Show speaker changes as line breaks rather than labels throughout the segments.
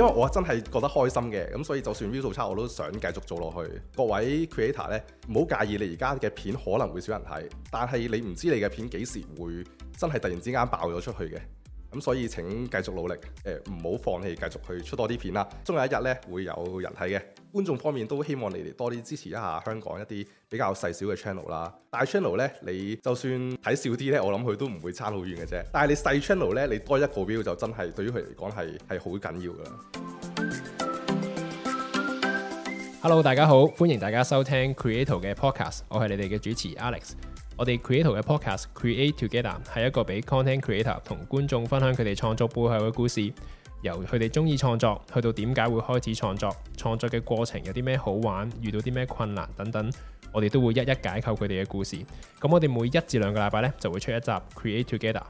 因為我真係覺得開心嘅，咁所以就算 view 數差，我都想繼續做落去。各位 creator 呢，唔好介意你而家嘅片可能會少人睇，但係你唔知你嘅片幾時會真係突然之間爆咗出去嘅。咁所以請繼續努力，誒唔好放棄，繼續去出多啲片啦。總有一日咧會有人睇嘅。觀眾方面都希望你哋多啲支持一下香港一啲比較細小嘅 channel 啦，大 channel 咧你就算睇少啲咧，我諗佢都唔會差好遠嘅啫。但係你細 channel 咧，你多一個標就真係對於佢嚟講係係好緊要㗎。
Hello，大家好，歡迎大家收聽 Creato 嘅 podcast，我係你哋嘅主持 Alex。我哋 Creato 嘅 podcast Create Together 係一個俾 content creator 同觀眾分享佢哋創作背後嘅故事。由佢哋中意創作，去到點解會開始創作，創作嘅過程有啲咩好玩，遇到啲咩困難等等，我哋都會一一解構佢哋嘅故事。咁我哋每一至兩個禮拜呢就會出一集 Create Together。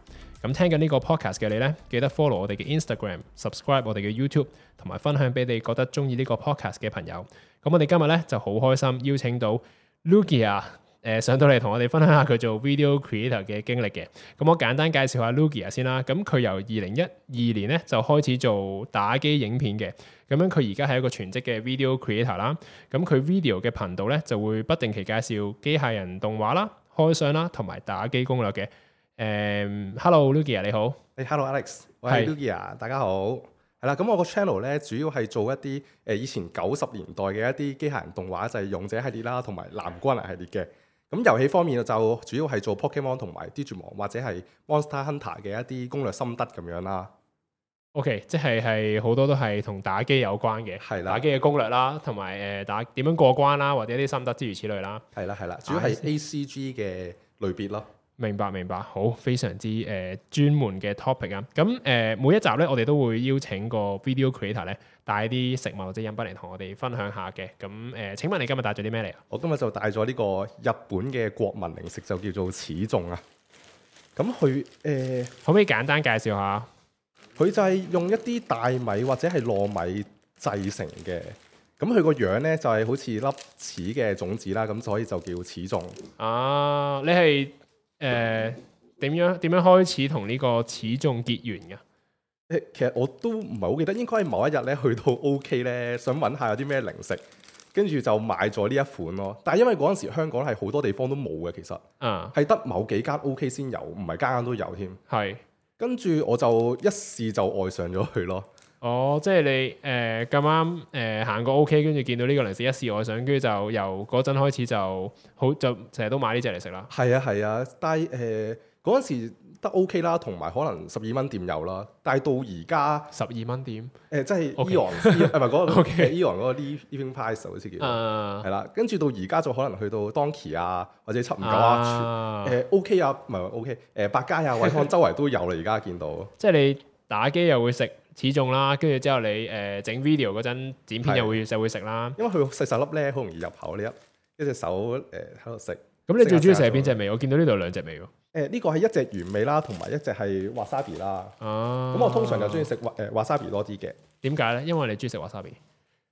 咁聽緊呢個 podcast 嘅你呢，記得 follow 我哋嘅 Instagram，subscribe 我哋嘅 YouTube，同埋分享俾你覺得中意呢個 podcast 嘅朋友。咁我哋今日呢，就好開心邀請到 Rugia 誒上到嚟同我哋分享下佢做 video creator 嘅經歷嘅，咁我簡單介紹下 Rugia 先啦，咁佢由二零一二年咧就開始做打機影片嘅，咁樣佢而家係一個全職嘅 video creator 啦，咁佢 video 嘅頻道咧就會不定期介紹機械人動畫啦、開箱啦同埋打機攻略嘅。誒、um,，Hello Rugia 你好。h、hey, Hello Alex。我係 Rugia
大家好。係啦，咁我個 channel 咧主要係做一啲誒以前九十年代嘅一啲機械人動畫，就係、是、勇者系列啦同埋南瓜啊系列嘅。咁、嗯、遊戲方面就主要係做 Pokemon 同埋 Digital 或者係 Monster Hunter 嘅一啲攻略心得咁樣啦。
OK，即係係好多都係同打機有關嘅，係啦，打機嘅攻略啦，同埋誒打點樣過關啦，或者一啲心得之如此類啦。係啦，係啦，主要係 A C G 嘅類別咯。明白，明白，好，非常之誒、呃、專門嘅 topic 啊！咁誒、呃、每一集呢，我哋都會邀請個 video creator 咧，帶啲食物或者飲品嚟同我哋分享下嘅。咁誒、呃，請問你今日帶咗啲咩嚟？
我今日就帶咗呢個日本嘅國民零食，就叫做柿種啊！咁佢誒可唔可以簡單介紹下？佢就係用一啲大米或者係糯米製成嘅。咁佢個樣呢，就係、是、好似粒柿嘅種子啦，咁所以就叫柿種。
啊，你係？誒，點樣點樣開始同呢個始終結緣嘅？其
實我都唔係好記得，應該係某一日咧，去到 OK 咧，想揾下有啲咩零食，跟住就買咗呢一款咯。但係因為嗰陣時香港係好多地方都冇嘅，其實啊，係得某幾間 OK 先有，唔係間間都有添。係。跟住我就一試就愛上咗佢咯。
哦，即係你誒咁啱誒行過 OK，跟住見到呢個零食一試愛上，跟住就由嗰陣開始就好，就成日都買呢隻嚟食啦。係啊係啊，
但係誒嗰陣時得 OK 啦，同埋可能十二蚊店有啦。但係到而家十二蚊店誒，即係 Eon，誒唔係嗰個 Eon 嗰個 Living Price 好似叫，係啦。跟住到而家就可能去到 Donkey 啊，或者七五九啊，誒 OK 啊，唔係 OK 誒百佳啊，惠康周圍都有啦。而家見到，
即係你打機又會食。始終啦，跟住之後你誒整 video 嗰陣，剪片又會就會食啦，因為佢細十粒咧，好容易入口呢粒，一隻手誒喺度食。咁你最中意食邊隻味？我見到呢度兩隻味喎。
呢個係一隻原味啦，同埋一隻係 wasabi 啦。
啊，咁我通常就中意食
was 誒 wasabi 多啲嘅。
點解咧？因為你中意食 wasabi。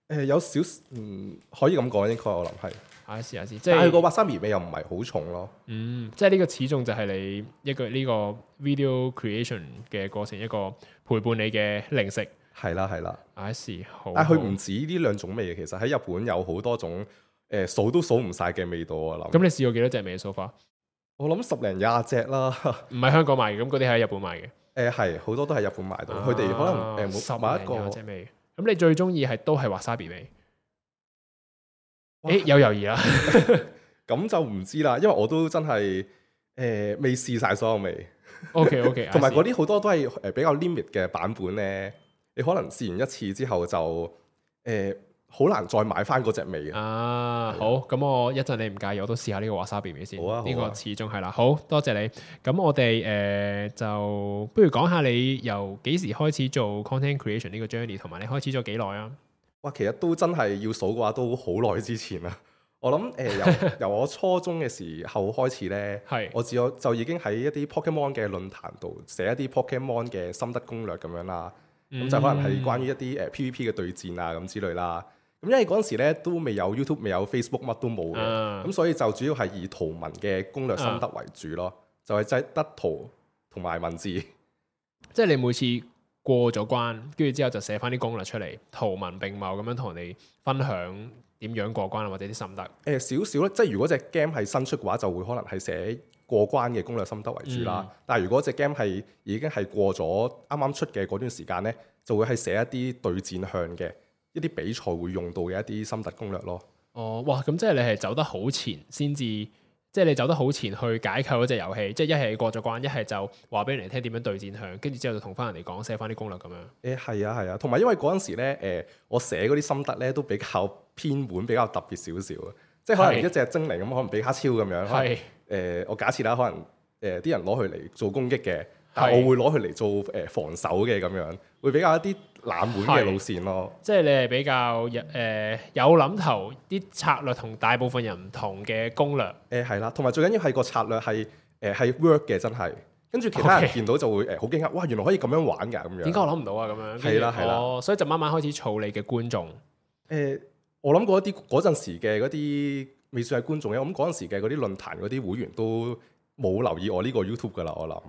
誒有少嗯可以咁講，應該我諗係。我試下先，即係、啊啊、但係個 wasabi 味又唔係好重咯。嗯，即係呢個始終就係你一個呢、呢個 video creation 嘅過程，一個陪伴你嘅零食。係啦，係啦，I 試好。但係，佢唔
止呢兩種味嘅，其實喺日本有好多種，誒、呃、數都數唔晒嘅味道啊！嗱，咁你
試過幾多隻味嘅 so far？我諗十零廿隻啦，唔 係香港買嘅，咁嗰啲喺日本買嘅。誒係、呃，好多都喺日本買到，佢哋、啊、可能誒冇、呃、十零廿隻味。咁你最中意係都係 wasabi 味？誒，有猶哇、欸、豫啦，咁
就唔知啦，因為我都真係誒、呃、未試晒所有味。
OK OK，同埋嗰啲
好多都係誒比較 limit 嘅版本咧，你可能試完一次之後就誒好、呃、難再買翻嗰隻味
啊，的好，咁我一陣，你唔介意，我都試下呢個華沙 B B 先。好啊，呢個始終係啦，好多謝你。咁我哋誒、呃、就不如講下你由幾時開始做 content creation 呢個 journey，同埋你開始咗幾耐啊？
其實都真係要數嘅話，都好耐之前啦。我諗誒、呃、由由我初中嘅時候 開始咧，係是我自我就已經喺一啲 Pokemon 嘅論壇度寫一啲 Pokemon 嘅心得攻略咁樣啦。咁就可能係關於一啲誒 PVP 嘅對戰啊咁之類啦。咁因為嗰陣時咧都未有 YouTube，未有 Facebook，乜都冇嘅。咁、嗯嗯、所以就主要係以圖文嘅攻略心得為主
咯。嗯、就係即係得圖同埋文字，嗯、 即係你每次。過咗關，跟住之後，就寫翻啲攻略出嚟，圖文並茂咁樣同你分享點樣過關，或者啲心得。
誒、欸，少少啦，即係如果隻 game 係新出嘅話，就會可能係寫過關嘅攻略心得為主啦。嗯、但係如果隻 game 係已經係過咗啱啱出嘅嗰段時間呢，就會係寫一啲對戰向嘅一啲比賽會用到嘅一啲心得攻略咯。
哦，哇，咁即係你係走得好前先至。即係你走得好前去解構嗰隻遊戲，即係一係過咗關，一係就話俾人哋聽點樣對戰向，跟住之後就同翻人哋講寫翻啲攻略咁樣。
誒係啊係啊，同埋、啊、因為嗰陣時咧，誒、呃、我寫嗰啲心得咧都比較偏門，比較特別少少啊。即係可能一隻精靈咁，是可能比卡超咁樣。係誒是、呃，我假設啦，可能誒啲、呃、人攞佢嚟做攻擊嘅。係，我會攞佢嚟做誒防守嘅咁樣，會比較一啲冷門嘅路線咯。
即係、就是、你係比較誒有諗頭，啲策略同大部分人唔同嘅攻略。
誒係啦，同埋最緊要係個策略係誒係 work 嘅，真係。跟住其他人見到就會誒好驚訝，Okay. 哇！原來可以咁樣玩㗎咁樣。點解我諗
唔到啊？咁樣，係啦係啦，所以就慢慢開始儲你嘅觀眾。
誒、呃，我諗過一啲嗰陣時嘅嗰啲未算係觀眾嘅，咁嗰陣時嘅嗰啲論壇嗰啲會員都冇留意我呢個 YouTube 㗎啦，我諗。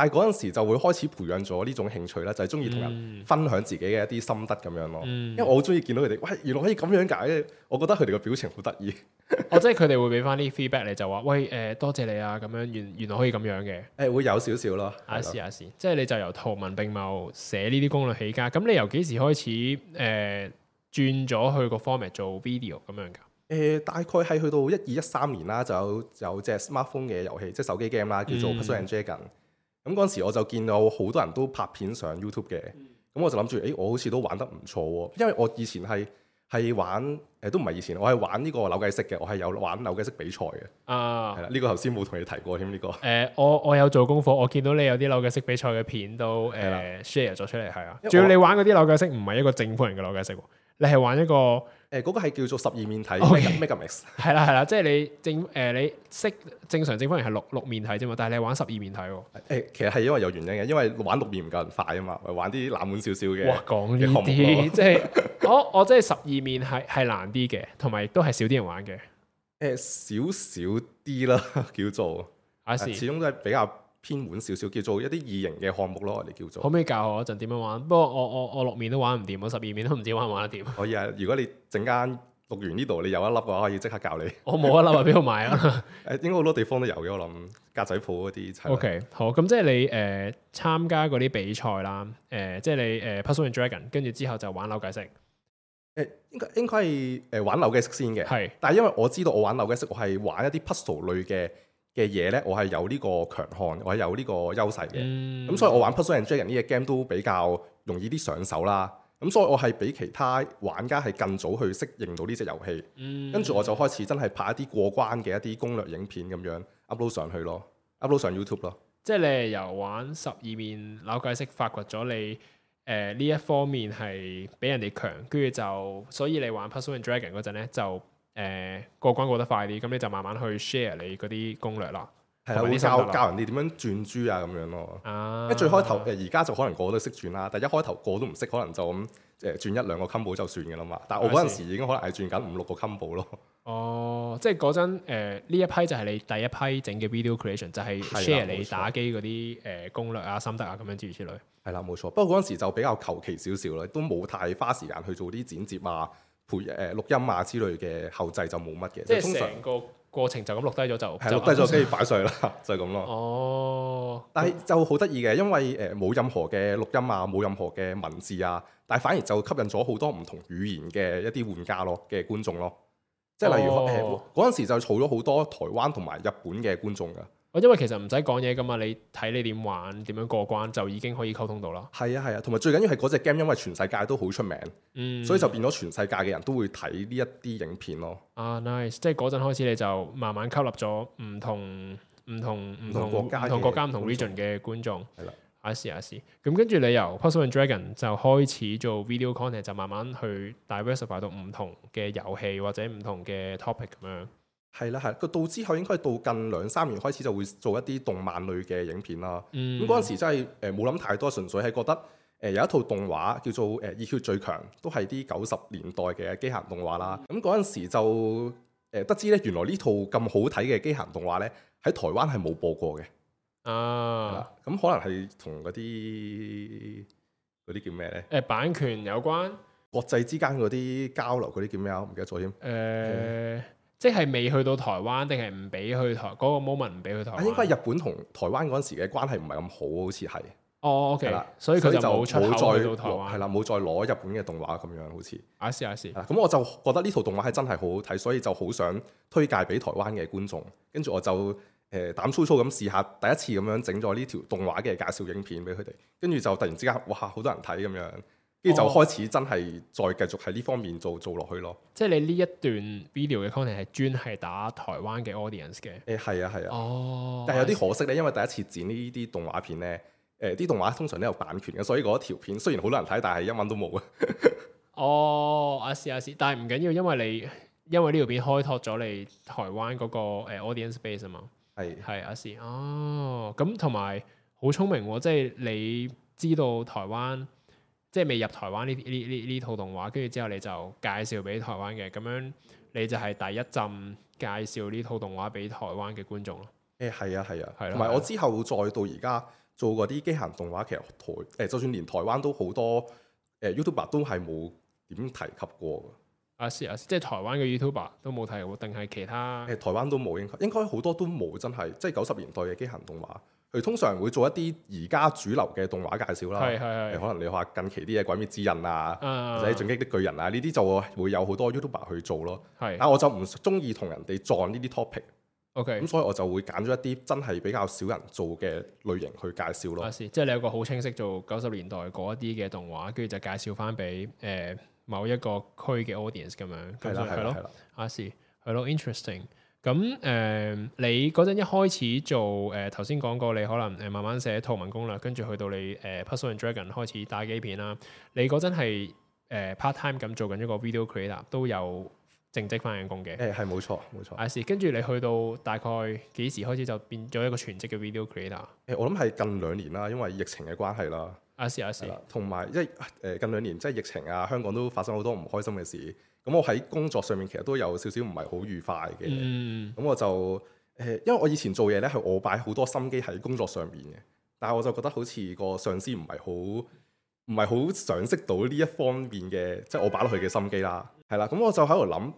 但係嗰陣時就會開始培養咗呢種興趣咧，就係中意同人分享自己嘅一啲心得咁樣咯。嗯、因為我好中意見到佢哋，喂，原來可以咁樣解，我覺得佢哋嘅表情好得意。
哦， 即係佢哋會俾翻啲 feedback 你就話，喂，誒、呃，多謝你啊，咁樣，原原來可以咁樣嘅。
誒、欸，會有少少咯。啊，是啊是，
試下先，即係你就由圖文並茂寫呢啲攻略起家。咁你由幾時開始誒、呃、轉咗去個 format 做 video 咁樣噶？
誒、呃，大概係去到一二一三年啦，就有就有隻、就是、smartphone 嘅遊戲，即、就、係、是、手機 game 啦，叫做 p 咁嗰陣時，我就見到好多人都拍片上 YouTube 嘅，咁我就諗住，誒、欸，我好似都玩得唔錯喎，因為我以前係係玩誒、呃，都唔係以前，我係玩呢個扭計式嘅，我係有玩扭計式比賽
嘅啊，係啦，呢
個頭先冇同你提過添，呢、這
個誒、呃，我我有做功課，我見到你有啲扭計式比賽嘅片都誒、呃、的 share 咗出嚟，係啊，仲要你玩嗰啲扭計式唔係一個正方形嘅扭計式。你係玩一個誒嗰、欸那個係叫做十二面體，magic mix，係啦，係啦，即係你正誒、呃、你識正常正方形係六六面體啫嘛，但係你是玩十二面體
喎、欸。其實係因為有原因嘅，因為玩六面唔夠人快啊嘛，玩啲冷門少少嘅。哇，講呢啲即係
是我、 哦、我即係十二面體係難啲嘅，同埋都係少啲人玩嘅。
誒少少啲啦，叫做阿、啊、始終都係比較，偏門少少，叫做一啲異形嘅項目咯，我哋叫做。可唔可以
教我一陣點樣玩？不過我我我六面都玩唔掂，我十二面都唔知玩唔玩得掂。
可以啊！如果你陣間錄完呢度，你有一粒嘅話，可以即刻教你。我冇一粒啊！俾我買啊！誒，應該好多地方都有嘅，我諗格仔鋪嗰啲。O、okay, K，好
咁、呃呃，即係你誒參加嗰啲比賽啦，誒、呃、即係你誒 Puzzle and Dragon 跟住之後就玩扭計骰。
誒應該應該係誒、呃、玩扭計骰先嘅，係是。但係因為我知道我玩扭計骰，我係玩一啲 Puzzle 類嘅。嘅嘢呢，我係有呢個強項，我係有呢個優勢嘅。咁、嗯、所以我玩 Puzzle and Dragon 呢個 game 都比較容易啲上手啦。咁所以我係比其他玩家係更早去適應到呢隻遊戲。嗯、跟住我就開始真係拍一啲過關嘅一啲攻略影片咁樣 upload 上去咯，upload 上 YouTube 咯。
即係你由玩十二面扭計式發掘咗你誒呢、呃、一方面係比人哋強，跟住就所以你玩 Puzzle and Dragon 嗰陣呢，就。誒過關過得快啲，咁你就慢慢去 share 你嗰啲攻略啦，係啊的，教教人
哋點樣轉珠啊咁樣咯。啊！一最開頭嘅而家就可能個個都識轉啦，但一開頭個都唔識，可能就咁誒轉一兩個 combo 就算嘅啦嘛。但係我嗰陣時已經可能係轉緊五六個 combo 咯。
哦，即係嗰陣呢一批就係你第一批整嘅 video creation，就係 share 你打機嗰啲誒攻略啊、心得啊咁樣之類之類。
係啦，冇錯。不過嗰陣時就比較求其少少啦，都冇太花時間去做啲剪接啊。陪誒錄音碼之類嘅後製就冇乜嘅，即係通常
個過程就咁錄低咗就， 就錄低咗可以擺
上去啦，就係咁咯。
哦！
但係就好得意嘅，因為誒冇任何嘅錄音啊，冇任何嘅文字啊，但係反而就吸引咗好多唔同語言嘅一啲玩家咯嘅觀眾咯，即係例如誒嗰陣時就儲咗好多台灣同埋日本嘅觀眾噶。
因為其實唔使講嘢噶嘛，你睇你點玩點樣過關就已經可以溝通到啦。係啊係啊，同埋、啊、最緊要係嗰隻 game，
因為全世界
都好出名，嗯，所以就變咗全世界嘅人都會睇呢一啲影片咯。啊 nice！即係嗰陣開始你就慢慢吸納咗唔同唔同唔同唔同國家唔同 region 嘅觀眾。係啦，I see I see。咁跟住你由 Puzzle and Dragons 就開始做 video content，就慢慢去 diversify 到唔同嘅遊戲或者唔同嘅 topic 咁樣。係啦，
係啦，到之後應該到近兩三年開始就會做一啲動漫類嘅影片啦。咁嗰陣時真係誒冇諗太多，純粹係覺得誒有一套動畫叫做誒《熱血最強》，都係啲九十年代嘅機械動畫啦。咁嗰陣時就誒得知呢，原來這套這呢套咁好睇嘅機械動畫呢喺台灣係冇播過
嘅。啊，咁可能係同嗰啲嗰啲叫咩呢？誒、啊，版權有關，
國際之間嗰啲交流嗰啲叫咩啊？唔記得咗添。
誒。即係未去到台灣，定係唔俾去台嗰、嗰個 moment 唔俾去台灣？應該日本
同台灣嗰陣時嘅關係唔係咁好，好似係。
哦、oh，OK，係啦，所以佢就冇再攞，係
啦，冇再攞日本嘅動畫咁樣，好似。
啊，是啊，是啊。咁
我就覺得呢套動畫係真係好好睇，所以就好想推介俾台灣嘅觀眾。跟住我就誒、呃、膽粗粗咁試下，第一次咁樣整咗呢條動畫嘅介紹影片俾佢哋。跟住就突然之間，哇！好多人睇咁樣。
跟住就開始
真係再繼續喺呢方面做做落去咯。
即係你呢一段 video 嘅 content 係專係打台灣嘅 audience 嘅。誒係啊係啊。啊哦。但係有啲可
惜咧，啊、因為第一次剪呢啲動畫片咧，誒、呃、啲動畫通常都有版權嘅，所以嗰條片雖然好多人睇，但係音文都冇
嘅。 哦，阿 s 阿 s 但係唔緊要緊，因為你因為呢條片開拓咗你台灣嗰個 audience base 啊嘛。係係阿 s 哦是，咁同埋好聰明喎，即係你知道台灣。即係未入台灣呢呢呢套動畫，跟住之後你就介紹俾台灣嘅，咁樣你就係第一陣介紹呢套動畫俾台灣嘅觀眾
咯。誒係、欸、啊係啊係，同埋我之後再到而家做嗰啲機械動畫，其實台誒、欸、就算連台灣都好多誒、欸、YouTuber 都係冇點提及過嘅。
啊係啊，係啊，即係台灣嘅 YouTuber
都冇提過，定係其他？誒、欸、台灣都冇，應該應該好多都冇，真係即係九十年代嘅機械動畫。佢通常會做一啲而家主流嘅動畫介紹啦，係係可能你話近期啲嘢《鬼滅之刃》啊、so, okay. yes.
really，或者 movie、yes. yes.《進
擊的巨人》啊，呢啲就會有好多 YouTuber 去做咯。
係，但我就
唔中意同人哋撞呢啲 topic。
OK，咁所以我
就會揀咗一啲真係比較少人做嘅類型去介紹咯。I
see，即係你有個好清晰做九十年代嗰一啲嘅動畫，跟住就介紹翻俾誒某一個區嘅 audience 咁樣。係啦係啦，I see，係咯，interesting。咁誒、嗯，你嗰陣一開始做誒頭先講過，你可能誒慢慢寫圖文攻略，跟住去到你誒、呃《Puzzle and Dragon》開始打機片啦。你嗰陣係 part time 咁做緊一個 video creator，都有正職翻人工嘅。誒係冇錯冇錯。i、啊、跟住你去到大概幾時開始就變咗一個全職嘅 video creator？
誒、嗯，我諗係近兩年啦，因為疫情嘅關係啦。阿 Sir i r 同埋即係誒近兩年即係疫情啊，香港都發生好多唔開心嘅事。咁我喺工作上面其實都有少少唔係好愉快嘅，咁、嗯、我就誒、呃，因為我以前做嘢咧，係我擺好多心機喺工作上面嘅，但係我就覺得好似個上司唔係好唔係好賞識到呢一方面嘅，即、就、係、是、我擺落去嘅心機啦，係啦，咁我就喺度諗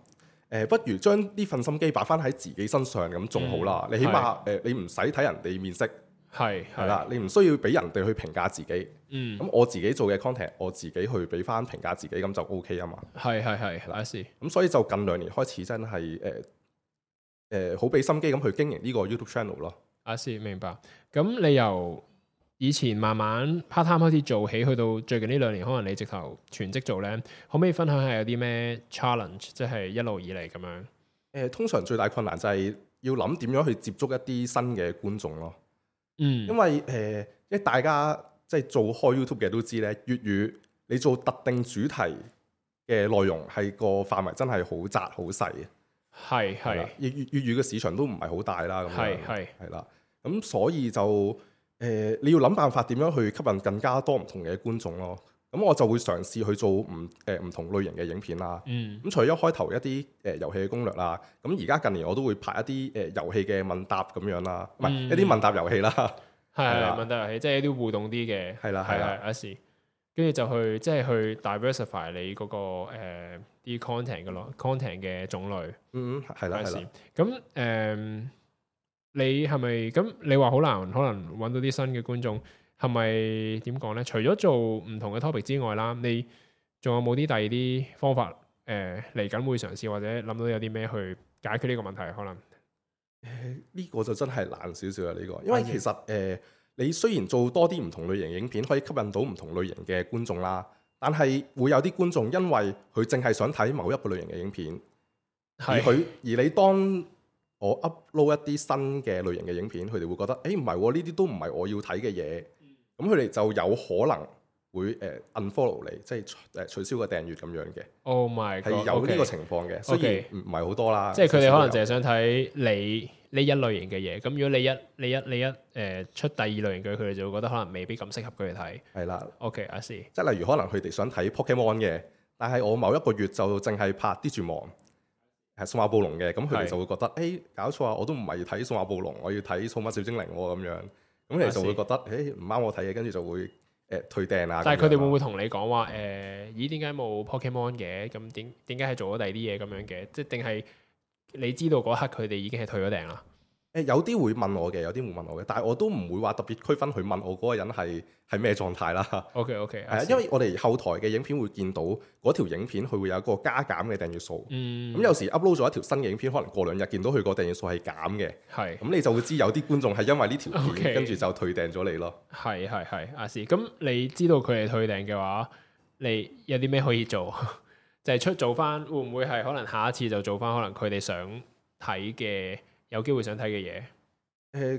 誒，不如將呢份心機擺翻喺自己身上咁仲好啦，嗯、你起碼誒是、呃、你唔使睇人哋面色。係係啦，你唔需要俾人哋去評價自己。嗯，咁我自己做嘅 content，我自己去俾返評價自己，咁就 OK 啊嘛。係係係，阿 Sir。咁所以就近兩年開始
真係誒誒，好、呃、俾、呃、心機咁去經營呢個 YouTube channel 咯。阿 Sir、啊、明白。咁你由以前慢慢 part time 開始做起，去到最近呢兩年，可能你直頭全職做呢？可唔可以分享下有啲咩 challenge？即係一路以嚟咁樣。
誒、呃，通常最大困難就係要諗點樣去接觸一啲新嘅觀眾咯。嗯，因為誒，即、呃、大家即係做開 YouTube 嘅都知咧，粵語你做特定主題嘅內容係個範圍真係好窄好細嘅，係係粵粵粵語嘅市場都唔係好大啦，係係係啦，咁係係所以就誒、呃，你要諗辦法點樣去吸引更加多唔同嘅觀眾咯。咁我就會嘗試去做唔誒唔同類型嘅影片啦。咁除咗開頭一啲誒遊戲嘅攻略啦，咁而家近年我都會拍一啲誒遊戲嘅問答咁樣啦，唔係一啲問答遊戲啦。係，問
答遊戲，即係一啲互動啲嘅。係啦係啦，s 跟住就去即係去 diversify 你嗰個啲 content 嘅咯，content 嘅種類。嗯嗯，係啦係啦。咁誒，你係咪咁？你話好難，可能揾到啲新嘅觀眾。係咪點講呢？除咗做唔同嘅 topic 之外啦，你仲有冇啲第二啲方法？誒嚟緊會嘗試或者諗到有啲咩去解決呢個問題？可能
呢、呃這個就真係難少少啦。呢、這個因為其實誒、嗯呃、你雖然做多啲唔同類型影片，可以吸引到唔同類型嘅觀眾啦，但係會有啲觀眾因為佢淨係想睇某一個類型嘅影片，是而佢而你當我 upload 一啲新嘅類型嘅影片，佢哋會覺得誒唔係呢啲都唔係我要睇嘅嘢。咁佢哋就有可能會誒 unfollow 你，即係取消個訂閱咁樣嘅。
哦，my 係有呢個情況嘅，okay, 所以唔係好多啦。即係佢哋可能淨係想睇你呢一類型嘅嘢。咁、嗯、如果你一、你一、你一誒、呃、出第二類型嘅，佢哋就會覺得可能未必咁適合佢哋睇。係啦了。OK，I see.
即係例如可能佢哋想睇 Pokemon 嘅，但係我某一個月就淨係拍 Digimon，係數碼暴龍嘅。咁佢哋就會覺得誒的、欸、搞錯啊！我都唔係睇數碼暴龍，我要睇數碼小精靈喎、啊、咁樣。咁你就會覺得，誒，唔啱我睇嘢，跟住就會誒、呃、退訂喇。但係佢哋會唔會同你
講話，誒，咦？點解冇 Pokemon 嘅？咁點點解係做咗第二啲嘢咁樣嘅？即係定係你知道嗰刻佢哋已經係退咗訂啦？
誒，有啲會問我嘅，有啲唔問我嘅，但係我都唔會話特別區分去問我嗰個人係係咩狀態啦。
OK OK，係啊，因為我
哋後台嘅影片會見到嗰條影片佢會有一個加減嘅訂閱數。嗯，咁有時 upload 咗一條新嘅影片，可能過兩日見到佢個訂閱數係減嘅，係是，咁你就會知有啲觀眾係因為呢條片 okay, 跟住就退訂咗你咯。
係係係，阿 Sir 咁你知道佢哋退訂嘅話，你有啲咩可以做？ 就係出做翻，會唔會係可能下一次就做翻可能佢哋想睇嘅？有機會想睇嘅嘢，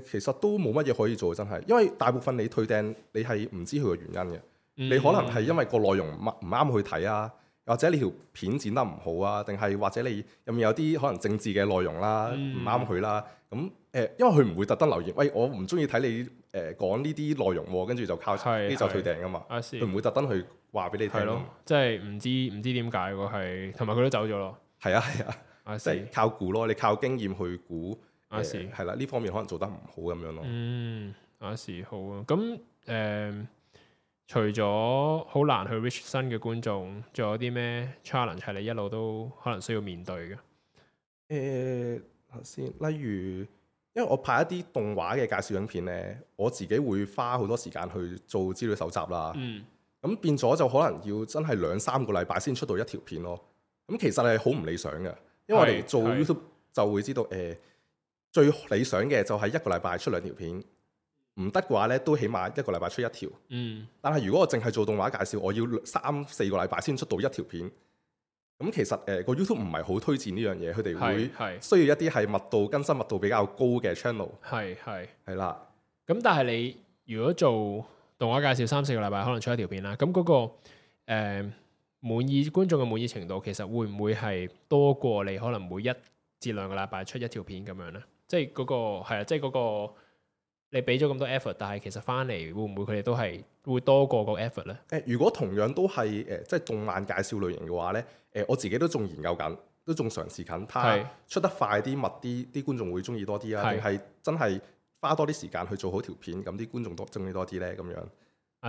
誒其實都冇乜嘢可以做，真係，因為大部分你退訂，你係唔知佢嘅原因嘅，嗯、你可能係因為個內容唔唔啱去睇啊，或者你條片剪得唔好啊，定係或者你入面有啲可能政治嘅內容啦、啊，唔啱佢啦，咁誒，因為佢唔會特登留言，喂，我唔中意睇你誒講呢啲內容、啊，跟住就靠呢就退訂噶嘛，佢唔、啊、會特登去話俾你聽咯，
即係唔知唔知點解喎係，同埋佢都走咗咯，係啊係啊。
靠估咯，你靠經驗去估，係啦、啊是，呢、呃、方面可能做得唔好咁樣咯。嗯，阿、
啊、時好啊。咁誒、呃，除咗好難去 reach 新嘅觀眾，仲有啲咩 challenge 係你一路都可能需要面對嘅？
誒、呃，先，例如，因為我拍一啲動畫嘅介紹影片咧，我自己會花好多時間去做資料搜集啦。嗯。咁變咗就可能要真係兩三個禮拜先出到一條片咯。咁其實係好唔理想嘅。因為我哋做 YouTube 就會知道，誒係係最理想嘅就係一個禮拜出兩條片，唔得嘅話咧都起碼一個禮拜出一條。嗯。但係如果我淨係做動畫介紹，我要三四個禮拜先出到一條片。咁其實誒個 YouTube 唔係好推薦呢樣嘢，佢
哋會需要一啲係密度更新密度比較高嘅 channel。係係係啦。咁係嘅但係你如果做動畫介紹，三四個禮拜可能出一條片啦。咁嗰個誒滿意觀眾嘅滿意程度，其實會唔會係多過你可能每一至兩個禮拜出一條片咁樣呢？即係嗰、嗰個係啊，即係嗰個你俾咗咁多 effort，但係其實翻嚟會唔會佢哋都係會多過個 effort 呢？誒，如果同樣
都係誒、呃，即係動漫介紹類型嘅話呢，誒、呃，我自己都仲研究緊，都仲嘗試緊，睇出得快啲密啲，啲觀眾會中意多啲啊，定係是的 真係花多啲時間去做好條片，咁啲觀眾多中意多啲呢？咁樣。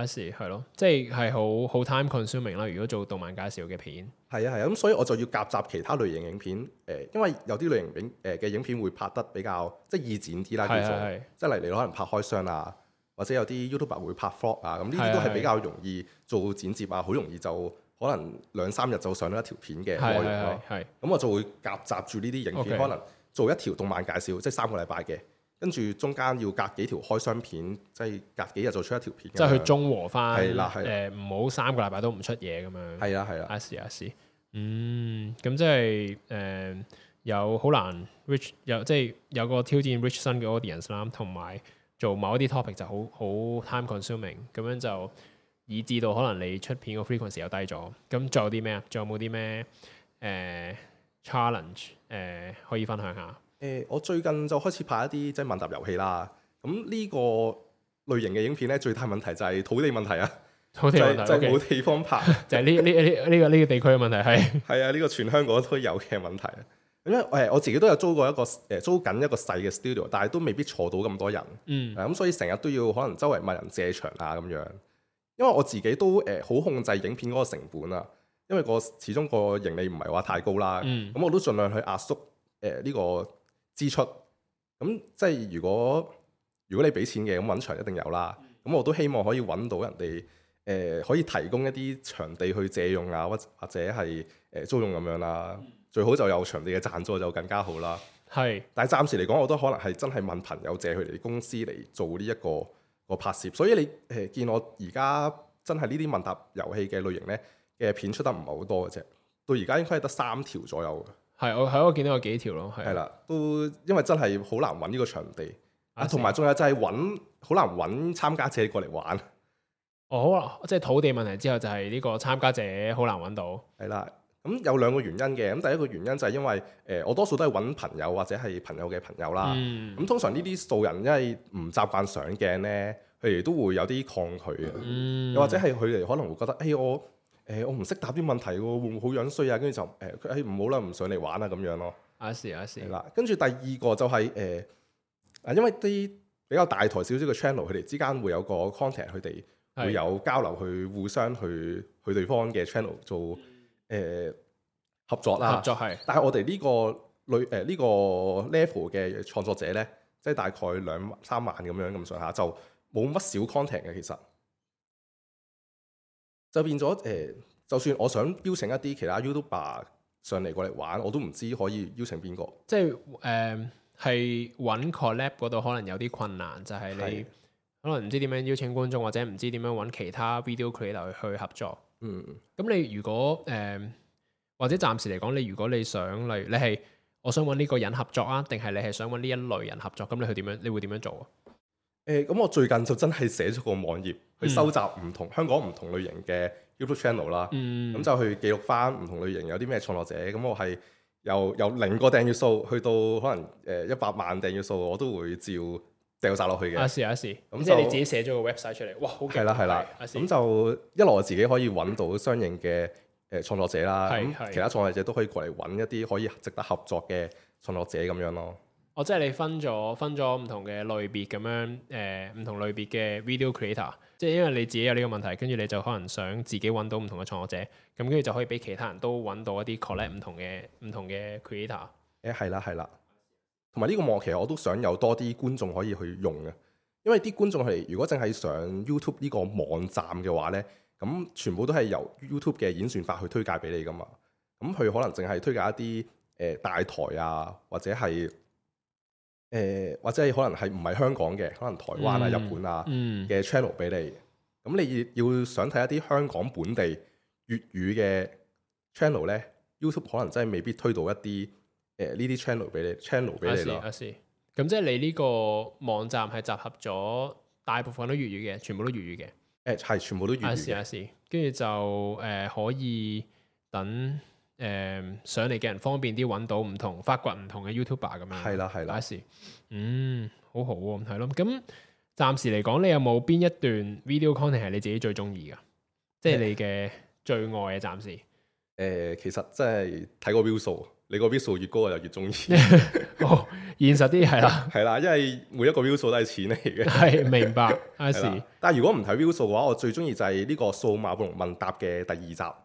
一係咯，即係好好 time consuming 啦。如果做動漫介紹嘅片，
係啊係咁，所以我就要夾雜其他類型影片。誒，因為有啲類型影誒嘅影片會拍得比較即係易剪啲啦，叫做是是即係嚟嚟可能拍開箱啊，或者有啲 YouTuber 會拍 vlog 啊，咁呢啲都係比較容易做剪接啊，好容易就可能兩三日就上到一條片嘅內容係，咁以我就會夾雜住呢啲影片，Okay. 可能做一條動漫介紹，即係三個禮拜嘅。跟住中間要隔幾條開箱片，即係隔幾日就出一條片。即係去中和翻，誒唔
好三個禮拜都唔出嘢咁樣。係啊係啊。s 是啊嗯，咁即係誒、呃、有好難 reach 有即係有個挑戰 reach 新嘅 audience 啦，同埋做某一啲 topic 就好好 time consuming，咁樣就以致到可能你出片個 frequency 又低咗。咁仲有啲咩啊？仲有冇啲咩誒 challenge 誒、呃、可以分享下？
誒、欸，我最近就開始拍一啲即係問答遊戲啦。咁呢個類型嘅影片咧，最大問題就係土地問題啊，
土地問題 就是、就冇、是、地方拍， 就係呢呢呢呢個呢個地區嘅問題
係。係 啊，呢、這個全香港都有嘅問題。因為，我自己都有租過一個誒，租緊一個細嘅 studio，但係都未必坐到咁多人。嗯、啊，咁所以成日都要可能周圍問人借場啊咁樣。因為我自己都誒好、呃、控制影片嗰個成本啊，因為個始終個盈利唔係話太高啦。嗯，咁我都盡量去壓縮誒呢個。支出咁，嗯、即係，如果如果你俾錢嘅，咁揾場一定有啦。咁我都希望可以揾到人哋誒、呃、可以提供一啲場地去借用啊，或或者係誒、呃、租用咁樣啦，啊。最好就有場地嘅贊助就更加好啦。係是，但係暫時嚟講，我都可能係真係問朋友借佢哋公司嚟做呢、這、一個、個拍攝。所以你誒見我而家真係呢啲問答遊戲嘅類型呢，嘅片出得唔係好多嘅啫。到而家應該係得三條左右嘅。係，我喺我見到有幾條咯，係啦，都因為真係好難揾呢個場地啊，同埋仲有就係揾好難揾參加者過嚟玩。
哦，好啊，即係土地問題之後就係呢個參加者好難揾到。係啦，
咁有兩個原因嘅，咁第一個原因就係因為誒，我多數都係揾朋友或者係朋友嘅朋友啦。咁通常呢啲素人因為唔習慣上鏡呢，佢哋都會有啲抗拒嘅。嗯，或者係佢哋可能會覺得，誒我。誒、欸，我唔識答啲問題喎、啊，會唔會好樣衰啊？跟住就誒，佢誒唔好啦，唔上嚟玩啦、啊、咁樣咯。啊，是啊，是。嗱、啊，跟住第二個就係、是、誒，啊、呃，因為啲比較大台少少嘅 channel，佢哋之間會有個 contact，佢哋會有交流去，去互相去去對方嘅 channel 做誒、呃、合作啦。合作係。但係我哋呢個類誒呢、呃呢個 level 嘅創作者咧，即、就、係、是、大概兩三萬咁樣咁上下，就冇乜小 contact 嘅其實。就變咗誒、呃，就算我想邀請一啲其他 YouTuber 上嚟過嚟玩，我都唔知可以邀請
邊個。即係誒，係揾 Collab 嗰度可能有啲困難，就係、是、你可能唔知點樣邀請觀眾，或者唔知點樣揾其他 video creator 去合作。嗯，咁你如果誒、呃，或者暫時嚟講，你如果你想例如你係我想揾呢個人合作啊，定係你係想揾呢一類人合作，咁你去點樣？你會點樣做啊？
誒，咁、欸、我最近就真係寫咗個網頁去收集唔同、嗯、香港唔同類型嘅 YouTube channel 啦、嗯，咁就去記錄翻唔同類型有啲咩創作者，咁我係由由零個訂閱數去到可能誒一百萬訂閱數，我都會照掉晒落去嘅。阿詩阿詩，
咁、啊啊、就即係你自己寫咗個 website 出嚟，哇，好勁，係啦係啦，阿詩、啊，咁、啊啊、
就一來我自己可以揾到相應嘅誒創作者啦，啊啊、其他創作者都可以過嚟揾一啲可以值得合作嘅創作者咁樣咯。
哦，我即係你分咗分咗唔同嘅類別咁樣，誒、呃、唔同類別嘅 video creator，即係因為你自己有呢個問題，跟住你就可能想自己揾到唔同嘅創作者，咁跟住就可以俾其他人都揾到一啲 collect 唔同嘅唔、嗯、同嘅 creator。
誒係啦係啦，同埋呢個網其實我都想有多啲觀眾可以去用嘅，因為啲觀眾係如果淨係上 YouTube 呢個網站嘅話呢，咁全部都係由 YouTube 嘅演算法去推介俾你噶嘛，咁佢可能淨係推介一啲、呃、大台啊或者係。誒或者係可能係唔係香港嘅，可能台灣啊、日本啊嘅 channel 俾你。咁你要想睇一啲香港本地粵語嘅 channel 咧，YouTube 可能真係未必推到一啲誒呢啲 channel 俾你 channel 俾你咯。
咁即係你呢個網站係集合咗大部分都粵語嘅，全部都粵語嘅。
誒係、啊、全部都粵語。阿
跟住就誒可以等。誒、嗯，上嚟嘅人方便啲揾到唔同，發掘唔同嘅 YouTuber 咁樣。係啦係啦。阿時，嗯，好好咁係咯。咁暫時嚟講，你有冇邊一段 video content 係你自己最中意噶即係你嘅最愛嘅暫時。
誒、呃，其實即係睇個 view 數，你個 view 數越高，我就越中意。 哦，
現實啲係啦。
係啦， 因為每一個 view 數都係錢嚟嘅。係，明白。阿時，但係如果唔睇 view 數嘅話，我最中意就係呢個數碼暴龍問答嘅第二集。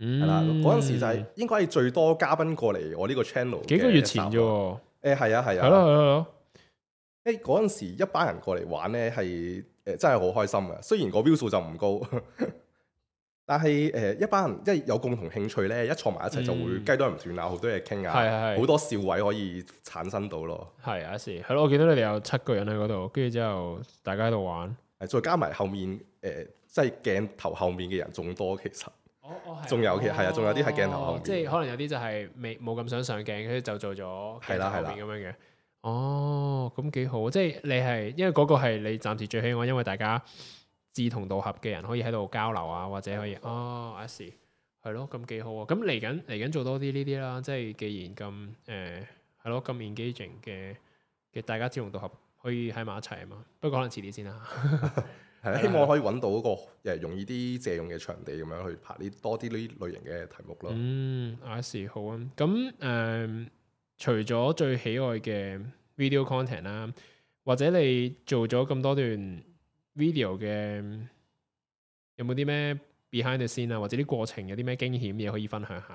係啦，嗰陣、嗯、時就
係應該係最多嘉賓過嚟我呢個 channel 幾個月前
啫喎。
誒、欸，係啊，係啊。係咯、啊，係咯、啊，誒、啊，嗰陣、欸、時一班人過嚟玩咧，係誒、欸、真係好開心噶。雖然個 view 數就唔高， 但係誒、欸、一班人，即係有共同興趣咧，一坐埋一齊就會雞啄唔斷啊，好、嗯、多嘢傾啊，係係，好多笑位可以產生到咯。
係啊，是係、啊、咯、啊啊啊，我見到你哋有七個人喺嗰度，跟住之後大家喺度玩，
係再加埋後面誒即係鏡頭後面嘅人仲多其實。
哦哦，仲有嘅，係啊、哦，仲有啲係鏡，鏡頭，即係可能有啲就係未冇咁想上鏡，所以就做咗鏡頭後面咁樣嘅。哦，咁幾好，即係你係因為嗰個係你暫時最希望，因為大家志同道合嘅人可以喺度交流啊，或者可以。哦阿 s 係咯、哦，咁、啊、幾好啊。咁嚟緊嚟緊做多啲呢啲啦。即係既然咁誒係咯咁 engaging 嘅嘅，大家志同道合可以喺埋一齊啊嘛。不過可能遲啲先啦。 係啊，希望
可以揾到一個誒容易啲借用嘅場地，咁樣去拍呢多啲呢類型嘅題目咯。嗯，
阿 Sir 好啊。咁誒、嗯，除咗最喜愛嘅 video content 啦、啊，或者你做咗咁多段 video 嘅，有冇啲咩 behind the scene 啊，或者啲過程有啲咩驚險嘢可以分享下？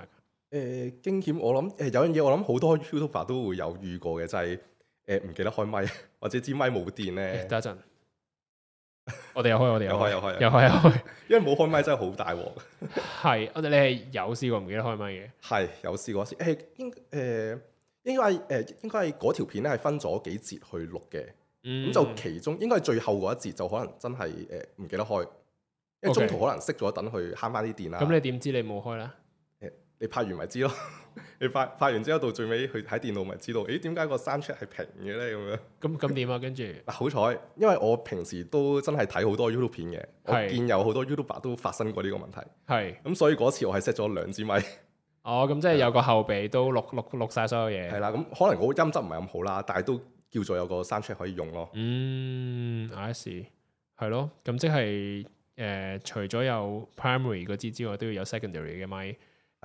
誒、呃、驚險，我諗誒、呃、有樣嘢，我諗好多 YouTuber 都會有遇過嘅，就係誒唔記得開咪，或者支咪冇電咧、欸。等一陣。我哋開，我哋開，又開又開，又開又開，開開開開 因為冇開咪真係好大鑊。
係， 我哋你係有試過唔記得開咪嘅？係，有試過。誒、欸，應
誒、呃，應該誒，應該係嗰條片咧係分咗幾節去錄嘅。
咁就其
中應該係最後嗰一節就可能真係誒唔記得開，Okay. 因為中途可能熄咗燈去慳翻啲電啦。咁
你點知你冇開啦？
你拍完咪知咯， 你拍拍完之後到最尾佢睇電腦咪知道，咦點解個三出係平嘅咧？咁樣咁咁點啊？跟住、啊、好彩，因為我平時都真係睇好多 YouTube 片嘅，是我見有好多 YouTuber 都發生過呢個問題。係咁是、嗯，所以嗰次我係 set 咗兩支咪。哦，咁即係有個後備都錄 錄錄，錄所有嘢。係啦，咁、嗯、可能我音質唔係咁好啦，但係都叫做有個三出可以用咯。嗯
，I see，係咯。咁即係誒、呃，除咗有 primary 嗰支之外，都要有 secondary 嘅咪。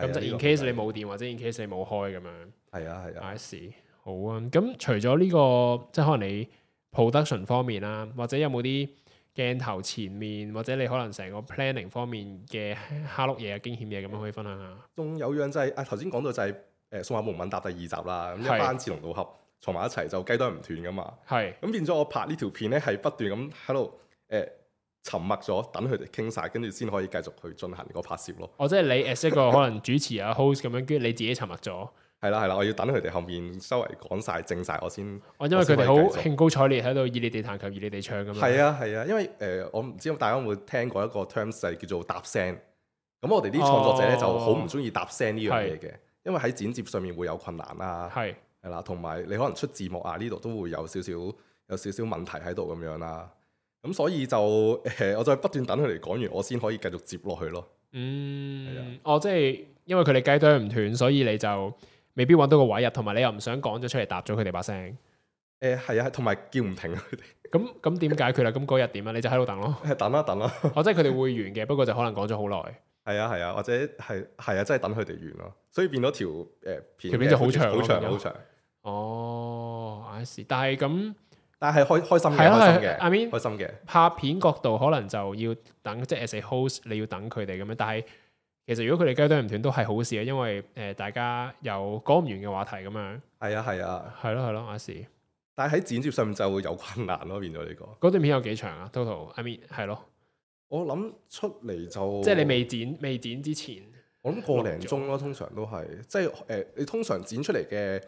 咁就 in case 你冇電或者 in case 你冇開咁樣，係啊，係啊，I see，好啊。咁除咗呢、這個，即係可能你 production 方面啦、啊，或者有冇啲鏡頭前面或者你可能成個 planning 方面嘅哈碌嘢、驚險嘢咁樣可以分享下？
仲有樣就係、是、啊，頭先講到就係誒送下木問答第二集啦，咁是一班志同道合坐埋一齊就雞啄唔斷㗎嘛。係咁是變咗我拍呢條片咧，係不斷咁喺度誒。呃沉默咗，等佢哋傾晒，跟住先可以繼續去進行個拍攝咯。
哦，即係你 as 一個可能主持啊 host 咁 樣，跟住你自己沉默咗。係啦，係啦，我要等佢哋後面
稍微講晒、靜晒我先。哦，因為佢哋好興
高采烈喺度熱烈地彈琴、熱烈地唱咁。係啊，
係啊，因為誒、呃，我唔知大家有冇聽過一個 terms 係叫做搭聲。咁我哋啲創作者咧就好唔中意搭聲呢樣嘢嘅，哦哦、因為喺剪接上面會有困難啦、啊。係係啦，同埋你可能出字幕啊，呢度都會有少少有少少問題喺度咁樣啦。咁所以就誒，我再不斷等佢哋講完，我先可以繼續接落去咯。
嗯，係即係因為佢哋雞啄唔斷，所以你就未必搵到個位入，同埋你又唔想講咗出嚟，答咗佢哋把聲。誒，係啊，同埋叫唔停啊，佢哋，嗯。咁咁點解決啦？咁嗰日點啊？你就喺度等咯，等啦，啊，等啦，啊。等啊， 哦，即係佢哋會完嘅，不過就可能講咗好耐。係 啊，係啊，或者係係啊，真係、就是、等佢哋完咯。
所以變咗條誒，條、欸、片、片、片就好長，好長，好長。
常哦，I see 但係咁。但係開開心嘅，啊、開心嘅，阿咪，i mean, 開心嘅。拍片角度可能就要等，即、就、係、是、as a host，你要等佢哋咁樣。但係其實如果佢哋雞啄唔斷都係好事啊，因為誒大家有講唔完嘅話題咁樣。係啊係啊，係咯係咯，阿 s,、啊啊啊、 但係喺剪接上面就會有困難咯、啊，變咗呢、這個。嗰段片有幾長啊？Total，阿咪，I mean 係咯，
我諗出嚟
就即係你未剪未剪之前，我諗個零鐘咯，通常都係，
即係誒、呃、你通常剪出嚟嘅。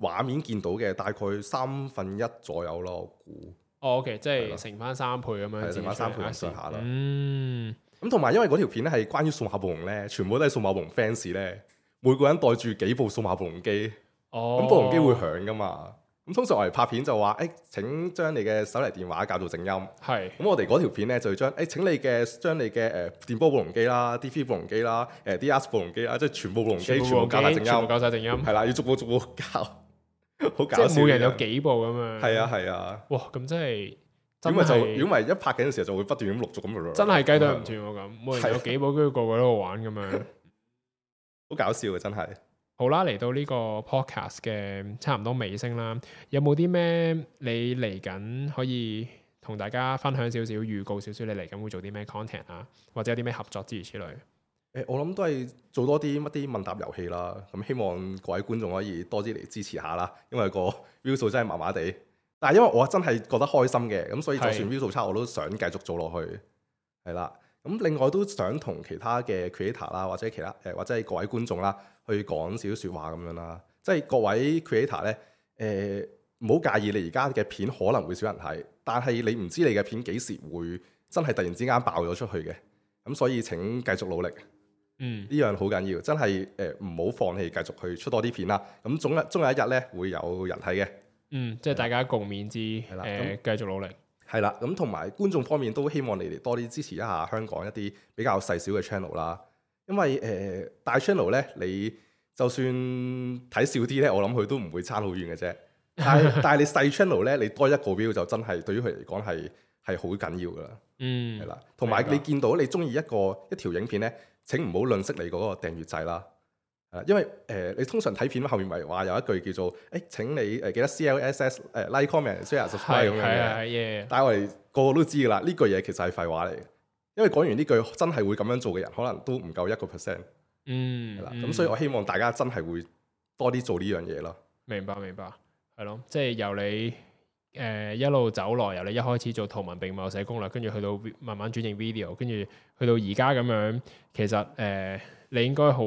畫面見到嘅大概三分一左右咯，我估。
哦，OK，即係乘翻三倍咁樣，乘翻三倍試下啦。嗯，
咁同埋因為嗰條片咧係關於數碼暴龍咧，全部都係數碼暴龍 fans 咧，每個人袋住幾部數碼暴龍機。哦。咁暴龍機會響㗎嘛？咁通常我哋拍片就話，誒，請將你嘅手提電話校到靜音。係。咁我哋嗰條片咧就要將，誒，請你嘅將你嘅誒電波暴龍機啦、D V 暴龍機啦、誒 D S 暴龍機啦，即係全部暴龍機全部校晒靜音。全部校晒靜音。係啦，要逐部逐部校。 即係每人有幾部咁樣，係啊係啊，
啊哇咁真係，咁啊就如果咪
一拍緊嘅時候就會不斷咁陸續咁，真係雞對唔住我咁，每是的 人有幾部，
跟住是的 個個喺度玩咁
樣， 好搞笑啊，真係。
好啦，嚟到呢個 podcast 嘅差唔多尾聲啦，有冇啲咩你嚟緊可以同大家分享少少預告少少，你嚟緊會做啲咩 content 啊，或者有啲咩合作之如此類？誒、欸，
我諗都係做多啲乜啲問答遊戲啦，咁希望各位觀眾可以多啲嚟支持下啦，因為個 view 數真係麻麻地，但係因為我真係覺得開心嘅，咁所以就算 view 數差，我都想繼續做落去，係啦的。咁另外都想同其他嘅 creator 啦，或者其他誒、呃，或者係各位觀眾啦，去講少少說話咁樣啦。即係各位 creator 咧，誒、呃，唔好介意你而家嘅片可能會少人睇，但係你唔知你嘅片幾時會真係突然之間爆咗出去嘅，咁所以請繼續努力。嗯，呢樣好緊要，真係誒唔好放棄，繼續去出多啲片啦。咁總一總有一日咧，會有人睇嘅。嗯，
即係大家共勉之。係啦，咁繼續努力。係啦、嗯，咁同
埋觀眾方面都希望你哋多啲支持一下香港一啲比較細小嘅 channel 啦。因為誒、呃、大 channel 咧，你就算睇少啲咧，我諗佢都唔會差好遠嘅啫。但係 但係你細 channel 咧，你多一個 view 就真係對於佢嚟講係係好緊要噶啦，嗯，係啦，同埋你見到你中意一個一條影片咧，請唔好吝嗇你嗰個訂閱掣啦，誒，因為誒、呃、你通常睇片後面咪話有一句叫做誒、欸，請你誒記得 C L S S、呃、誒 like comment share subscribe 咁樣嘅，但係我哋個個都知噶啦，呢句嘢，其實係廢話嚟。因為講完呢句真係會咁樣做嘅人，可能都唔夠一個 percent，嗯，
係啦的，咁、嗯、所以我希
望大家真係會多啲做呢樣嘢咯，
明白明白，係咯，即、就、係、是、由你。誒、呃，一路走來，由你一開始做圖文並茂寫攻略，跟住去到慢慢轉型 video，跟住去到而家咁樣，其實誒、呃，你應該好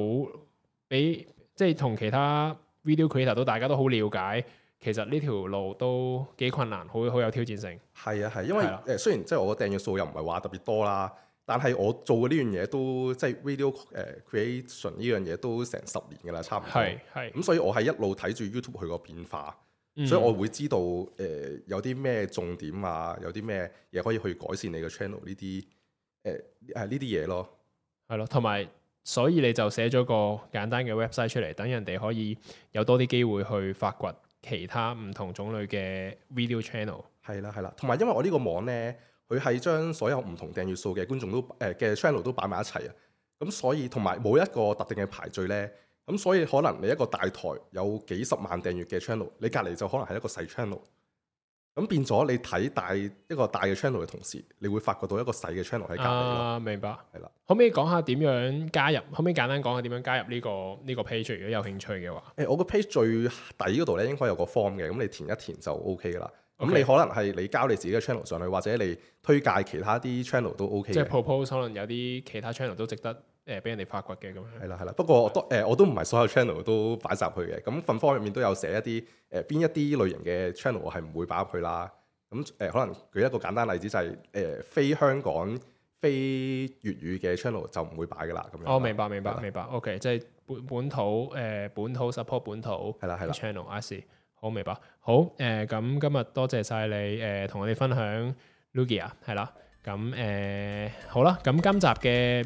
比即係同其他 video creator 都大家都好了解，其實呢條路都幾困難，好好有挑戰性。係啊係、啊，因為誒、啊、
雖然即係我個訂閱數又唔係話特別多啦，但係我做嘅呢樣嘢都即係、就是、video 誒 creation 呢樣嘢都成十年㗎啦，啊啊、差唔多。係係、啊。咁、啊、所以我係一路睇住 YouTube 佢個變化。所以我會知道誒、呃，有啲咩重點啊，有啲咩嘢
可以去改善你嘅 channel 呢啲誒，呢啲嘢咯，係咯，同埋所以你就寫咗個簡單嘅 website 出嚟，等人哋可以有多啲機會去發掘其他唔同種類嘅 video channel。係啦係啦，
同埋因為我呢個網呢，佢係將所有唔同訂閱數嘅觀眾都誒嘅 channel 都擺埋一齊啊，咁、嗯、所以同埋冇一個特定嘅排序呢。咁所以可能你一個大台有幾十萬訂閱嘅 channel，你隔離就可能係一個細 channel。咁變咗你睇大一個大嘅 channel 嘅同時，你會發覺到一個細嘅 channel 喺隔離。啊，
明白。係啦，可唔可以講下點樣加入？可唔可以簡單講下點樣加入呢個呢個 page？如果有興趣嘅話。
誒，我個 page 最底嗰度咧應該有個 form 嘅，咁你填一填就 OK 啦。咁你可能係你交你自己嘅 channel 上去，或者你推介其他啲 channel 都 OK。即係
propose 可能有啲其他 channel 都值得。誒俾人哋發掘嘅咁樣，
係啦係啦。不過我都誒，我都唔係所有 channel 都擺曬入去嘅。咁份方入面都有寫一啲誒邊一啲類型嘅 channel，我係唔會擺入去啦。咁誒、呃，可能舉一個簡單例子，就係、是、誒、呃、非香港、非粵語嘅 channel 就唔會擺噶啦。咁樣我、哦、明白明白，明
白明白。OK，即係本本土誒、呃、本土 support 本土係啦係啦 channel，I see，好明白。好誒，咁、呃呃、今日多謝晒你誒，同、呃、我哋分享 Rugia 係啦。咁、呃、誒、呃、好啦，咁今集嘅。